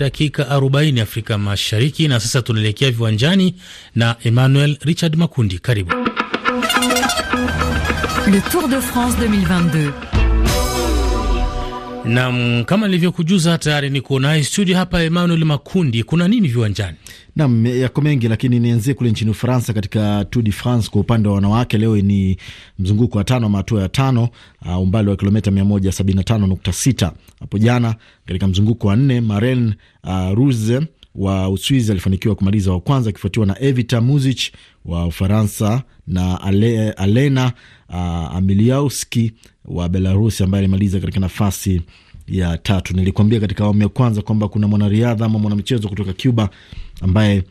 dakika 40 Afrika Mashariki. Na sasa tunaelekea viwanjani na Emmanuel Richard Makundi, karibu Le Tour de France 2022. Nam, kama nilivyokujuza tayari ni kuonaye studio hapa Emmanuel Makundi, kuna nini viwanjani? Nam, yako mengi, lakini nianzie kule nchini Ufaransa katika Tour de France kwa upande wa wanawake. Leo ni mzunguko wa tano matua hatua ya tano, uh, umbali wa kilomita 175.6. Hapo jana katika mzunguko wa nne Maren uh, ah, Ruse wa Uswizi alifanikiwa kumaliza wa kwanza akifuatiwa na Evita Muzich wa Ufaransa na Ale, Alena uh, Amiliauski wa Belarusi ambaye alimaliza katika nafasi ya tatu. Nilikuambia katika awamu ya kwanza kwamba kuna mwanariadha ama mwanamichezo kutoka Cuba ambaye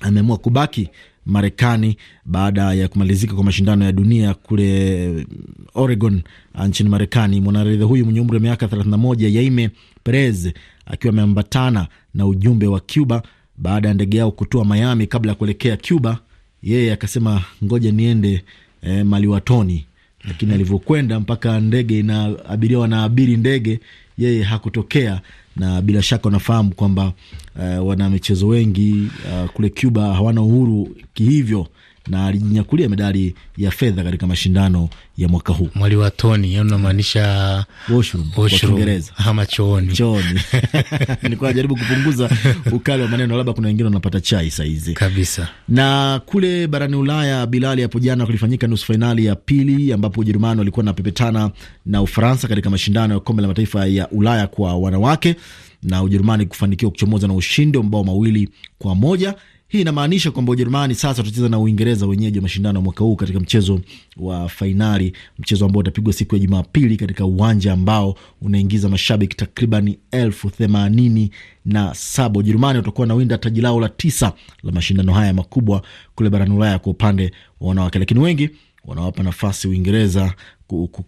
ameamua kubaki Marekani baada ya kumalizika kwa mashindano ya dunia kule Oregon uh, nchini Marekani. Mwanariadha huyu mwenye umri wa miaka 31 Yaime Perez akiwa ameambatana na ujumbe wa Cuba baada ya ndege yao kutua Miami kabla ya kuelekea Cuba. Yeye akasema ngoja niende eh, maliwatoni, lakini alivyokwenda mpaka ndege ina abiria wanaabiri ndege, yeye hakutokea na bila shaka wanafahamu kwamba uh, eh, wanamichezo wengi uh, kule Cuba hawana uhuru kihivyo na alijinyakulia medali ya fedha katika mashindano ya mwaka huu. Mwali wa toni yaani unamaanisha washroom kwa Kiingereza ama chooni, chooni. Nilikuwa najaribu kupunguza ukali wa maneno, labda kuna wengine wanapata chai saizi kabisa. Na kule barani Ulaya, Bilali, hapo jana kulifanyika nusu fainali ya pili ambapo Ujerumani walikuwa wanapepetana na Ufaransa katika mashindano ya kombe la mataifa ya Ulaya kwa wanawake na Ujerumani kufanikiwa kuchomoza na ushindi wa mabao mawili kwa moja hii inamaanisha kwamba Ujerumani sasa watacheza na Uingereza, wenyeji wa mashindano ya mwaka huu, katika mchezo wa fainali, mchezo ambao utapigwa siku ya Jumapili katika uwanja ambao unaingiza mashabiki takribani elfu themanini na saba. Ujerumani watakuwa na winda taji lao la tisa la mashindano haya makubwa kule barani Ulaya kwa upande wa wanawake, lakini wengi wanawapa nafasi Uingereza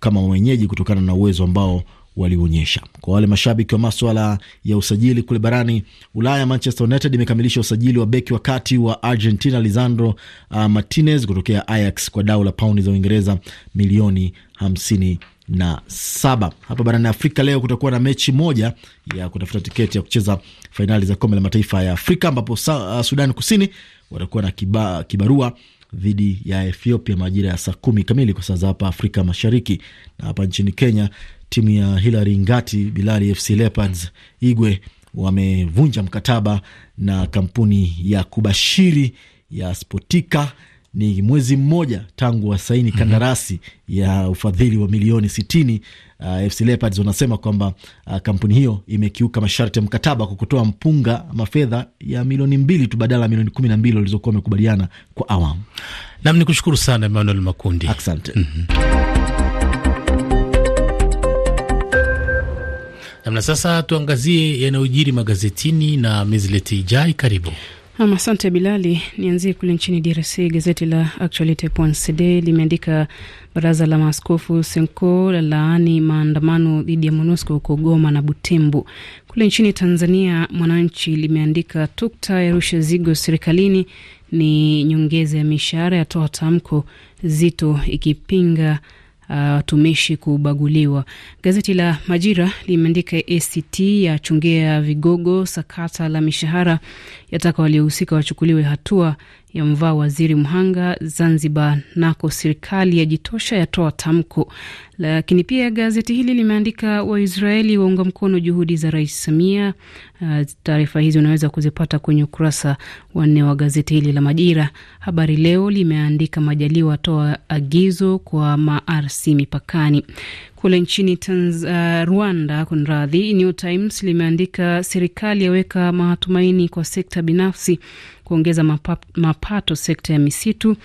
kama wenyeji kutokana na uwezo ambao walionyesha. Kwa wale mashabiki wa maswala ya usajili kule barani Ulaya, Manchester United imekamilisha usajili wa beki wa kati wa Argentina Lisandro uh, Martinez kutokea Ajax kwa dau la paundi za Uingereza milioni hamsini na saba. Hapa barani Afrika leo kutakuwa na mechi moja ya kutafuta tiketi ya kucheza fainali za kombe la mataifa ya Afrika ambapo uh, Sudan Kusini watakuwa na kiba, kibarua dhidi ya Ethiopia majira ya saa kumi kamili kwa saa za hapa Afrika Mashariki, na hapa nchini Kenya timu ya Hilary Ngati Bilali FC Leopards Igwe wamevunja mkataba na kampuni ya kubashiri ya Spotika. Ni mwezi mmoja tangu wasaini mhm. kandarasi ya ufadhili wa milioni sitini. Uh, FC Leopards wanasema kwamba uh, kampuni hiyo imekiuka masharti ya mkataba kwa kutoa mpunga mafedha ya milioni mbili tu badala ya milioni kumi na mbili walizokuwa wamekubaliana kwa awamu. Nam ni kushukuru sana Emmanuel Makundi, asante. mm -hmm. Namna sasa, tuangazie yanayojiri magazetini na mizleti ijai. Karibu. Asante Bilali, nianzie kule nchini DRC. Gazeti la Actualite limeandika baraza la maaskofu Senko la laani maandamano dhidi ya MONUSCO huko Goma na Butembo. Kule nchini Tanzania, Mwananchi limeandika tukta ya rusha zigo serikalini ni nyongeza ya mishahara, yatoa tamko zito ikipinga Uh, watumishi uh, kubaguliwa. Gazeti la Majira limeandika ACT yachungea vigogo sakata la mishahara, yataka waliohusika wachukuliwe hatua yamvaa waziri Mhanga. Zanzibar nako serikali yajitosha, yatoa tamko. Lakini pia gazeti hili limeandika Waisraeli waunga mkono juhudi za Rais Samia. Uh, taarifa hizi unaweza kuzipata kwenye ukurasa wa nne wa gazeti hili la Majira. Habari Leo limeandika Majaliwa atoa agizo kwa marc mipakani. Kule nchini Tanz, uh, Rwanda kunradhi, New Times limeandika serikali yaweka matumaini kwa sekta binafsi kuongeza mapato, mapato sekta ya misitu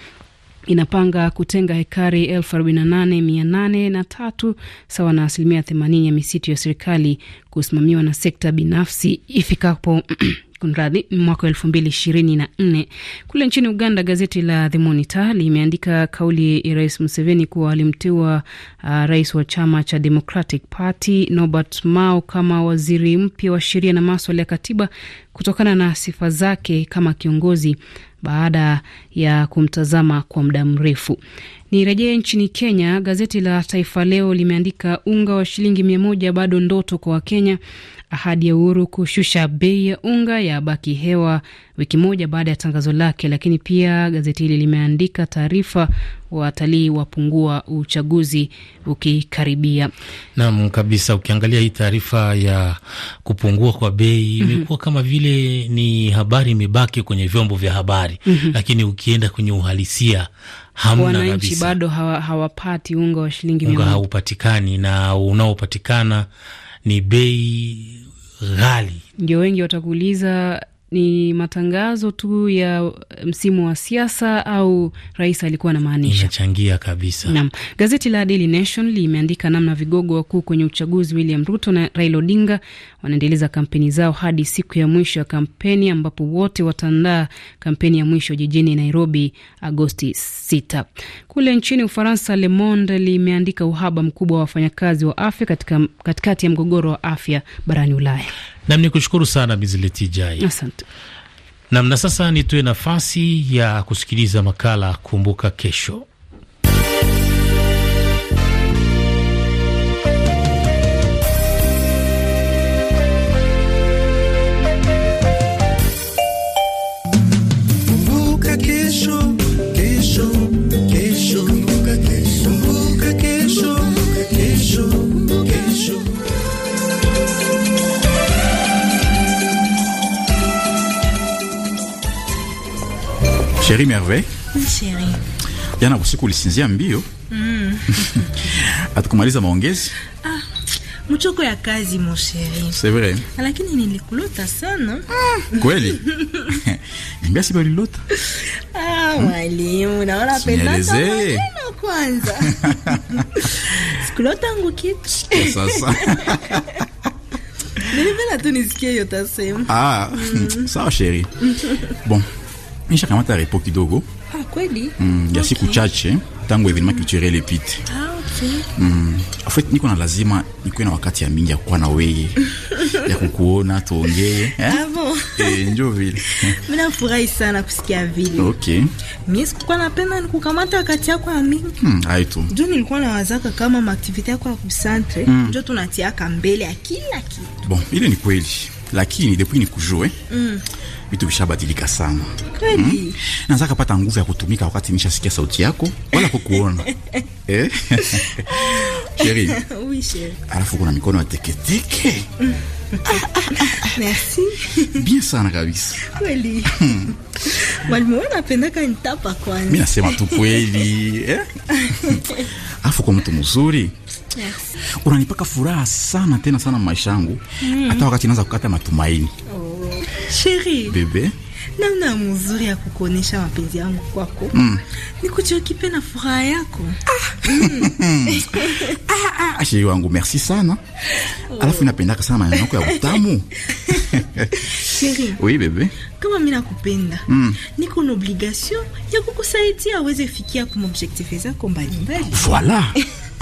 inapanga kutenga hekari elfu arobaini na nane mia nane na tatu sawa na asilimia themanini ya misitu ya serikali kusimamiwa na sekta binafsi ifikapo kunradhi, mwaka elfu mbili ishirini na nne. Kule nchini Uganda, gazeti la The Monitor limeandika kauli ya Rais Museveni kuwa alimteua uh, rais wa chama cha Democratic Party Norbert Mao kama waziri mpya wa sheria na maswala ya katiba kutokana na sifa zake kama kiongozi baada ya kumtazama kwa muda mrefu. Nirejee nchini Kenya, gazeti la Taifa Leo limeandika unga wa shilingi mia moja bado ndoto kwa Wakenya ahadi ya Uhuru kushusha bei ya unga ya baki hewa wiki moja baada ya tangazo lake. Lakini pia gazeti hili limeandika taarifa, watalii wapungua uchaguzi ukikaribia. Naam kabisa, ukiangalia hii taarifa ya kupungua kwa bei mhm. imekuwa mm -hmm. kama vile ni habari imebaki kwenye vyombo vya habari mm -hmm. lakini ukienda kwenye uhalisia wananchi bado hawa, hawapati unga wa shilingi unga haupatikani, na unaopatikana ni bei ghali. Ndio wengi watakuuliza ni matangazo tu ya msimu wa siasa au rais alikuwa maanisha? Inachangia kabisa. Naam, gazeti la Daily Nation limeandika namna vigogo wakuu kwenye uchaguzi William Ruto na Raila Odinga wanaendeleza kampeni zao hadi siku ya mwisho ya kampeni, ambapo wote wataandaa kampeni ya mwisho jijini Nairobi Agosti 6. Kule nchini Ufaransa, Le Monde limeandika uhaba mkubwa wa wafanyakazi wa afya katika katikati ya mgogoro wa afya barani Ulaya. Nam ni kushukuru sana Jai. asante nam. Na sasa nitoe nafasi ya kusikiliza makala Kumbuka Kesho. Chérie Merveille. Chérie. Jana usiku ulisinzia mbio. Mm. Hatukumaliza maongezi. Ah, mchoko ya kazi mon chéri. C'est vrai. Ah, lakini nilikulota sana. Mm. Kweli? Niambia si ulilota. Ah, hmm? mwalimu, naona penda sana kwanza. Sikulota ngu kitu. Sasa. Nilipenda tu nisikie yotasema. Ah, mm. Sawa chéri. Bon nishakamata repo kidogo ha, ah, kweli mm, ya okay. siku chache tangu evenema kulturel ipite ah, okay. mm, afet niko na lazima nikuwe na wakati ya mingi ya kukuwa na weye ya kukuona tuongee eh? Ah, e, eh, njo vile minafurahi sana kusikia vile okay. mie sikukuwa napenda nikukamata wakati yako ya mingi hmm, aitu njo nilikuwa na wazaka kama maaktivite yako ya kusantre hmm. njo tunatiaka mbele ya kila kitu bon ile ni kweli lakini depuis ni kujue mm. vitu vishabadilika sana Mm. Naanza kupata nguvu ya kutumika wakati nishasikia sauti yako wala kukuona eh Sheri. Oui, sheri. Alafu kuna mikono ya teketeke. Mm. Merci. Bien sana kabisa. Kweli. Mwalimu wewe anapendaka nitapa kwani? Mimi nasema tu kweli. Eh? Alafu kwa mtu mzuri yes. Unanipaka furaha sana tena sana maisha yangu mm. Hata wakati naanza kukata matumaini oh. Sheri bebe, namna mzuri ya kukuonyesha mapenzi yangu kwako mm. ni kuchokipe na furaha yako ah. mm. ah, ah, Sheri ah. wangu merci sana oh. Alafu inapendaka sana maneno yako ya utamu Sheri oui bebe kama mimi nakupenda mm. niko na obligation ya kukusaidia aweze fikia kwa objectif zako mbalimbali. Voilà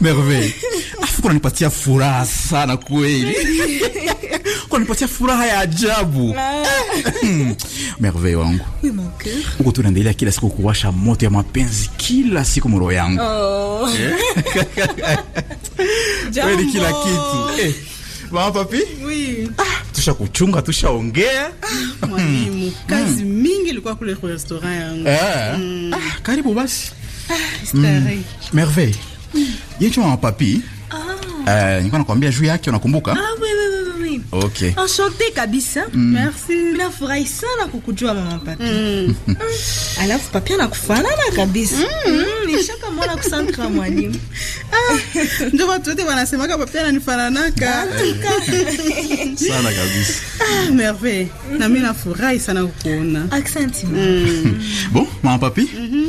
Merve, afu kuna nipatia furaha sana kweli, nipatia furaha ya ajabu hmm. Merve wangu huko, tunaendelea kila siku kuwasha moto ya mapenzi kila siku moyo wangu. oh. Eh. kweli kila kitu eh. Mama papi? Oui. Ah, tusha kuchunga, tushaongea. Ah, mwalimu, hmm. kazi mm. mingi ilikuwa kule kwa restaurant yangu. Ah, mm. ah, karibu basi. Ah, Mm. Merveille. jicho un papi ah. Euh, juu yake unakumbuka? ah, oui oui Okay. kabisa. Mm. Merci. sana kukujua mama Papi. Mm. Papi kabisa. Mm. mwana mwalimu. Ah, ndio watu wote Papi Sana kabisa. Ah, merveille. Mm-hmm. Na mimi sana kukuona. Accent. Bon, mama Papi. Mm-hmm.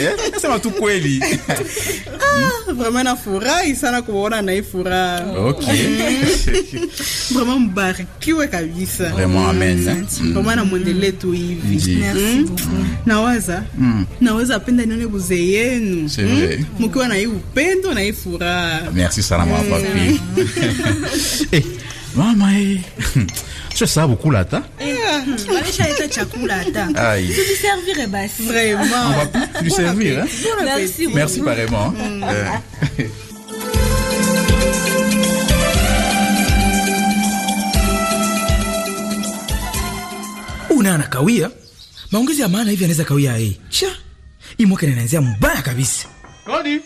Eh? Nasema tu kweli. Ah, vraiment nafurahi sana kuona nai ifuraha. Vraiment mbarikiwe kabisa. Vraiment amen. Mm. tu hivi. Mm. Mm. Nawaza. Naweza penda nione buze yenu. mukiwa nai upendo nai hii furaha. Merci sana mama papi. Eh, mama eh sio sababu kula hata waleta chakula hata tuliservire basi vraiment tuliservire merci merci parement mm. una anakawia maongezi ya maana hivi, anaweza kawia yeye cha hii mwaka inaanzia mbaya kabisa. Kodi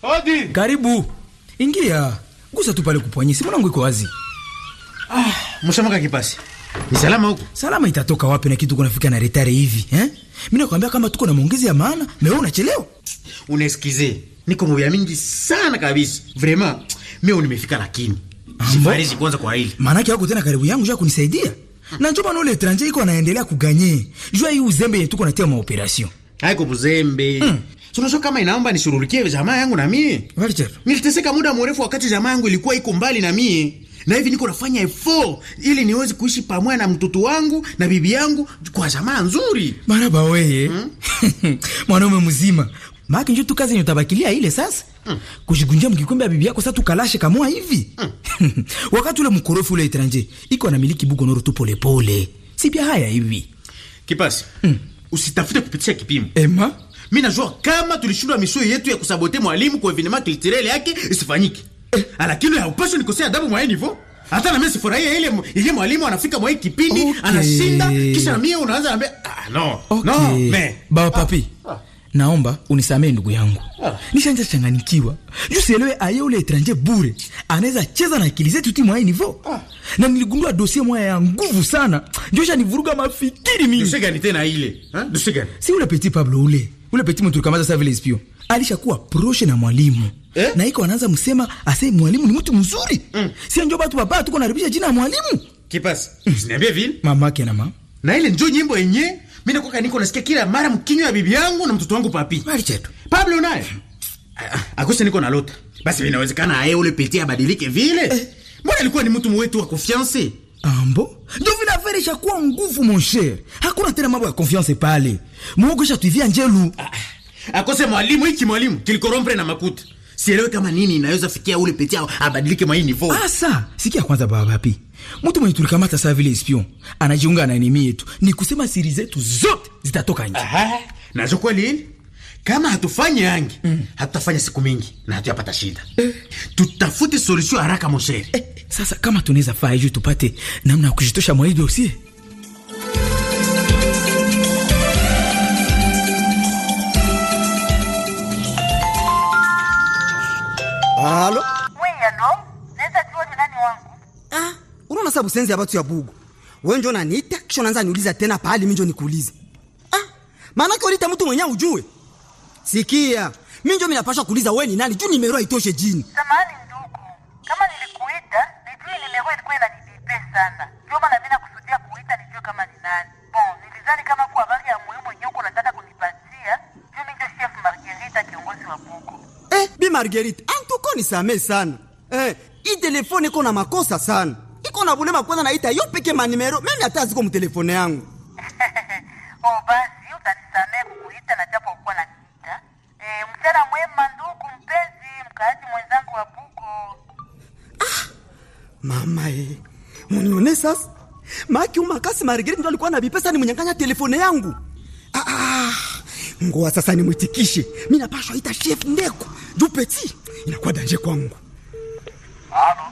kodi, karibu ingia, gusa tu pale kuponyesi, mwanangu iko wazi. Ah, mshamaka kipasi. Ni salama huko. Salama itatoka wapi na kitu kunafika na retare hivi, eh? Mimi nakwambia kama tuko na maongezi ya maana, mimi unachelewa. Unesikize. Niko mbaya mingi sana kabisa. Vraiment, mimi nimefika lakini. Ah, Sifarizi kwanza kwa hili. Maana yako tena karibu yangu, je, kunisaidia? Na njoba bana, tranje iko anaendelea kuganye. Jua hii uzembe yetu kuna natia maoperation. Haiko buzembe. Mm. sio kama inaomba nishurulikie jamaa yangu na mimi. Walter. Niliteseka muda mrefu wakati jamaa yangu ilikuwa iko mbali na mimi na hivi niko nafanya efo ili niweze kuishi pamoja na mtoto wangu na bibi yangu kwa jamaa nzuri. Maraba weye hmm? mwanaume mzima maki njo kazi yenye utabakilia ile sasa hmm. kujigunjia mkikombe ya bibi yako sasa tukalashe kamoa hivi hmm. wakati ule mkorofi ule itranje iko na miliki bugo noro tu polepole sipya haya hivi kipasi hmm. usitafute kupitisha kipimo ema mi najua kama tulishindwa misio yetu ya kusabote mwalimu kwa evenema kilitirele yake isifanyike Ah, lakini haupaswi nikosea adabu mwa nivo hata nami sifurahia ile ile mwalimu anafika mwa kipindi okay. Anashinda kisha mie unaanza anambia ah, no okay. no me baba papi ah, ah. Naomba unisamee ndugu yangu ah. Nishanja changanikiwa juu sielewe aye ule etranje bure anaweza cheza na akili zetu ti mwae nivo ah. Na niligundua dosie moya ya nguvu sana ndio shanivuruga mafikiri mimi. Dosie gani tena ile Dosie gani? Si ule petit Pablo ule ule petit mtu kamaza service pio alishakuwa proshe na mwalimu eh? na iko anaanza msema ase mwalimu ni mtu mzuri mm. sio njo batu baba tuko naribisha jina ya mwalimu kipasi usiniambie vile mama yake na mama na ile njo nyimbo yenye mimi nakoka niko nasikia kila mara mkinywa ya bibi yangu na mtoto wangu papi bali chetu Pablo naye ah, ah, akose niko na lota basi vinawezekana aye ule peti abadilike vile eh. mbona alikuwa ni mtu mwetu wa confiance ambo ah, ndio vile afere ishakuwa nguvu mon cher hakuna tena mambo ya confiance pale muogo ishatuvia njelu ah. akose mwalimu iki mwalimu kilikorompre na makuta sielewe kama nini inaweza fikia ule peti yao abadilike mwa hii nivo. Asa, sikia kwanza baba pi. Mtu mwenye tulikamata saa vile espion anajiunga na enemi yetu. Ni kusema siri zetu zote zitatoka nje. Aha. Na je kweli hili? Kama hatufanye yangi, mm. hatutafanya siku mingi na hatuyapata shida. Eh. Tutafute solution haraka mosheri Eh. Sasa kama tunaweza faa hiyo tupate namna ya kujitosha mwa hii halo Wewe weyano naweza ni nani wangu ah, unaona sababu senzi ya ya bugu Wewe njo unaniita kisha unaanza niuliza tena pahali mimi njo nikuulize ah, maana kwa uliita mtu mwenyewe ujue sikia mimi njo minapashwa kuuliza wewe ni nani juu nimeroa itoshe jini samani ndugu kama nilikuita nijui nimeroa ilikuwa inanibipe sana ndio maana mimi nakusudia kuita nijue kama ni nani bon nilizani kama kwa habari ya muhimu nyoko unataka kunipatia juu mi njo chef Margherita kiongozi wa bugu eh, bi Margherita ah, nisame sana eh, hii telefone iko na makosa sana, iko na bulema kwanza, naita yo peke manimero mimi hata ziko mtelefone yangu oh, basi utanisamee kukuita na japo ulikuwa na kita eh, mchana mwema nduku mpenzi mkaaji mwenzangu wa buko Ah, mama eh, munione sasa maki umakasi marigiri ndo alikuwa na bipesa ni mnyang'anya telefone yangu ah, ah, ah. Ngoa sasa nimwitikishe, mimi napashwa ita chef ndeko jupeti inakuwa danje kwangu. Halo,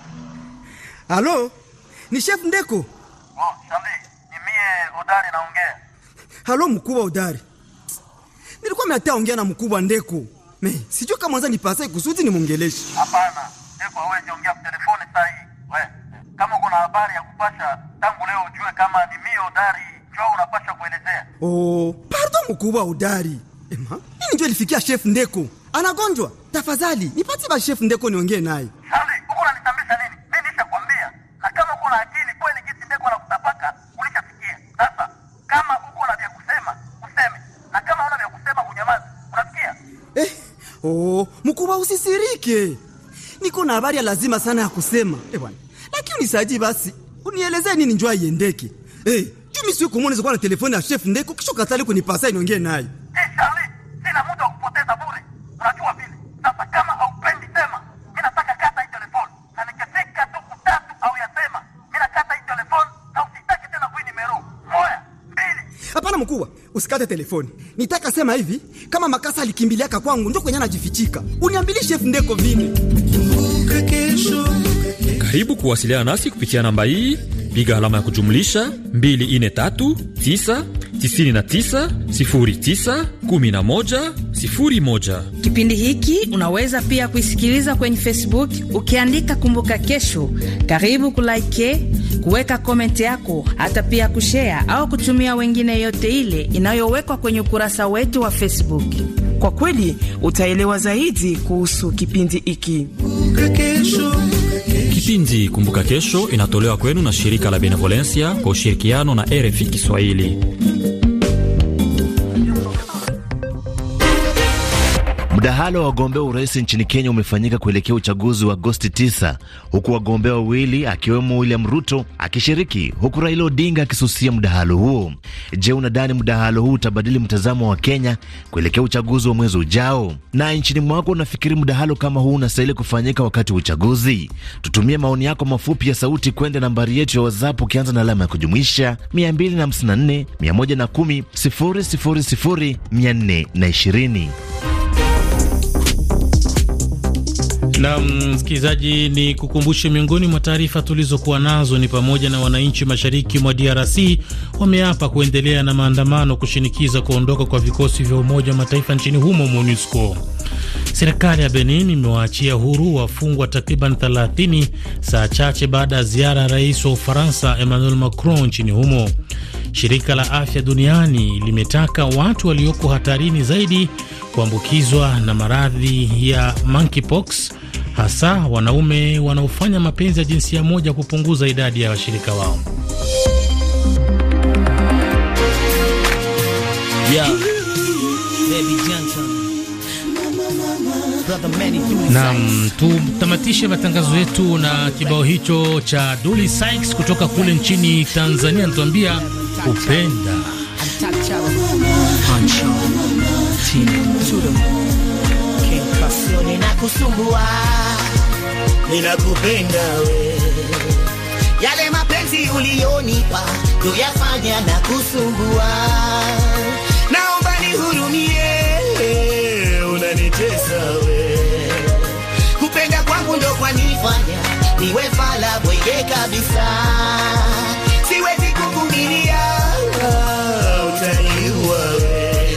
halo, ni chef Ndeko. Oh, Shambi, ni mie Udari naongea. Halo mkubwa Udari, nilikuwa meatea ongea na mkubwa Ndeko me sijui kama anza nipasai kusudi nimwongeleshe. Hapana, Ndeko hawezi ongea telefoni sahi. We kama kuna habari ya kupasha tangu leo ujue kama ni mie Udari njo unapasha kuelezea. Oh, pardon mkubwa Udari. Ema, hii ndio ilifikia chef Ndeko anagonjwa. Tafadhali nipatie bashefu Ndeko niongee naye. Sali, huko unanitambisha nini? Mimi nishakwambia, na kama uko na akili kweli, kiti Ndeko anakutapaka ulishafikia. Sasa kama uko na vya kusema useme, na kama una vya kusema unyamaze. Unasikia? Eh, oh, mkubwa usisirike, niko na habari ya lazima sana ya kusema. Eh bwana, lakini unisaji basi, unielezee nini njoo iendeke. Eh, jumi siku mwana zikuwa na telefoni ya chef Ndeko kisho katali kunipasa inongee naye. usikate telefoni. Nitaka sema hivi, kama Makasa alikimbiliaka kwangu ndio kwenye anajifichika. Uniambilishe chef ndeko vini. Karibu kuwasiliana nasi kupitia namba hii, piga alama ya kujumlisha 243 999 09 11 01. Kipindi hiki unaweza pia kuisikiliza kwenye Facebook ukiandika kumbuka kesho. Karibu kulike kuweka komenti yako, hata pia kushea au kutumia wengine yote ile inayowekwa kwenye ukurasa wetu wa Facebook. Kwa kweli utaelewa zaidi kuhusu kipindi hiki. Kipindi Kumbuka Kesho inatolewa kwenu na shirika la Benevolencia kwa ushirikiano na RFI Kiswahili. Mdahalo wa wagombea urais nchini Kenya umefanyika kuelekea uchaguzi wa Agosti 9 huku wagombea wawili akiwemo William Ruto akishiriki huku Raila Odinga akisusia mdahalo huo. Je, unadhani mdahalo huu utabadili mtazamo wa Kenya kuelekea uchaguzi wa mwezi ujao? Na nchini mwako unafikiri mdahalo kama huu unastahili kufanyika wakati wa uchaguzi? Tutumie maoni yako mafupi ya sauti kwenda nambari yetu ya WhatsApp ukianza na alama ya kujumuisha 254 110 000 420. Na mm, msikilizaji, ni kukumbushe miongoni mwa taarifa tulizokuwa nazo ni pamoja na wananchi mashariki mwa DRC wameapa kuendelea na maandamano kushinikiza kuondoka kwa vikosi vya Umoja wa Mataifa nchini humo MONUSCO. Serikali ya Benin imewaachia huru wafungwa takriban 30 saa chache baada ya ziara ya rais wa Ufaransa Emmanuel Macron nchini humo. Shirika la Afya Duniani limetaka watu walioko hatarini zaidi kuambukizwa na maradhi ya monkeypox hasa wanaume wanaofanya mapenzi ya jinsia moja kupunguza idadi ya washirika wao. yeah. tutamatishe matangazo yetu na kibao hicho cha Dully Sykes kutoka kule nchini Tanzania, anatuambia kupenda sio ninakusumbua, ninakupenda we. Yale mapenzi ulionipa kuyafanya na kusumbua, naomba nihurumie, unanitesa we. Kupenda kwangu ndo kwanifanya niwe fala bwege kabisa, siwezi kuvumilia, utaniua we.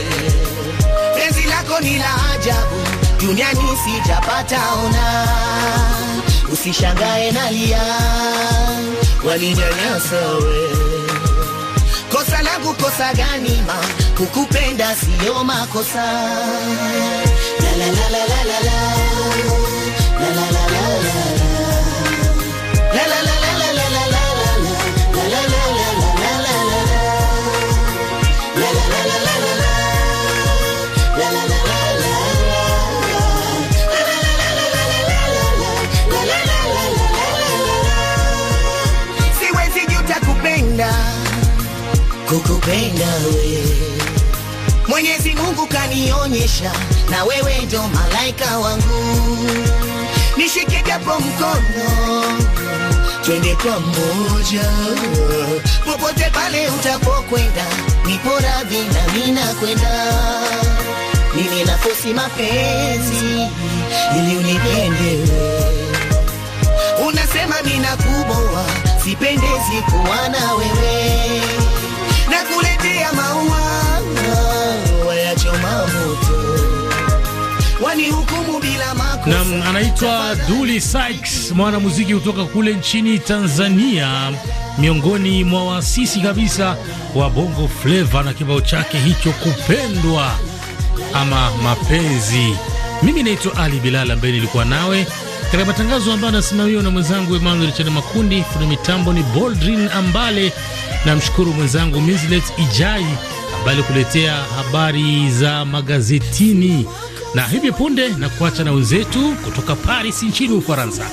Penzi lako ni la ajabu duniani usijapata ona, usishangae nalia, walinyanyasa we. Kosa langu kosa gani ma kukupenda siyo makosa la la la la la la la la la la la kukupenda we. Mwenyezi Mungu kanionyesha, na wewe ndo malaika wangu, nishike japo mkono, twende pamoja popote pale utapokwenda, nipo radhi na ninakwenda, mimi nafosi mapenzi ili unipende we. Unasema ninakuboa, sipendezi kuwa na wewe na kuletea maua wayachoma moto wanihukumu bila makosa. anaitwa duli Sykes, muziki kutoka kule nchini Tanzania, miongoni mwa waasisi kabisa wa Bongo Flava na kibao chake hicho kupendwa ama mapenzi. Mimi naitwa Ali Bilal ambaye nilikuwa nawe katika matangazo ambayo anasimamiwa na mwenzangu Emmanuel Chana Makundi. Fundi mitambo ni Boldrin Ambale, na mshukuru mwenzangu Mislet Ijai ambaye alikuletea habari za magazetini, na hivi punde na kuacha na wenzetu kutoka Paris nchini Ufaransa.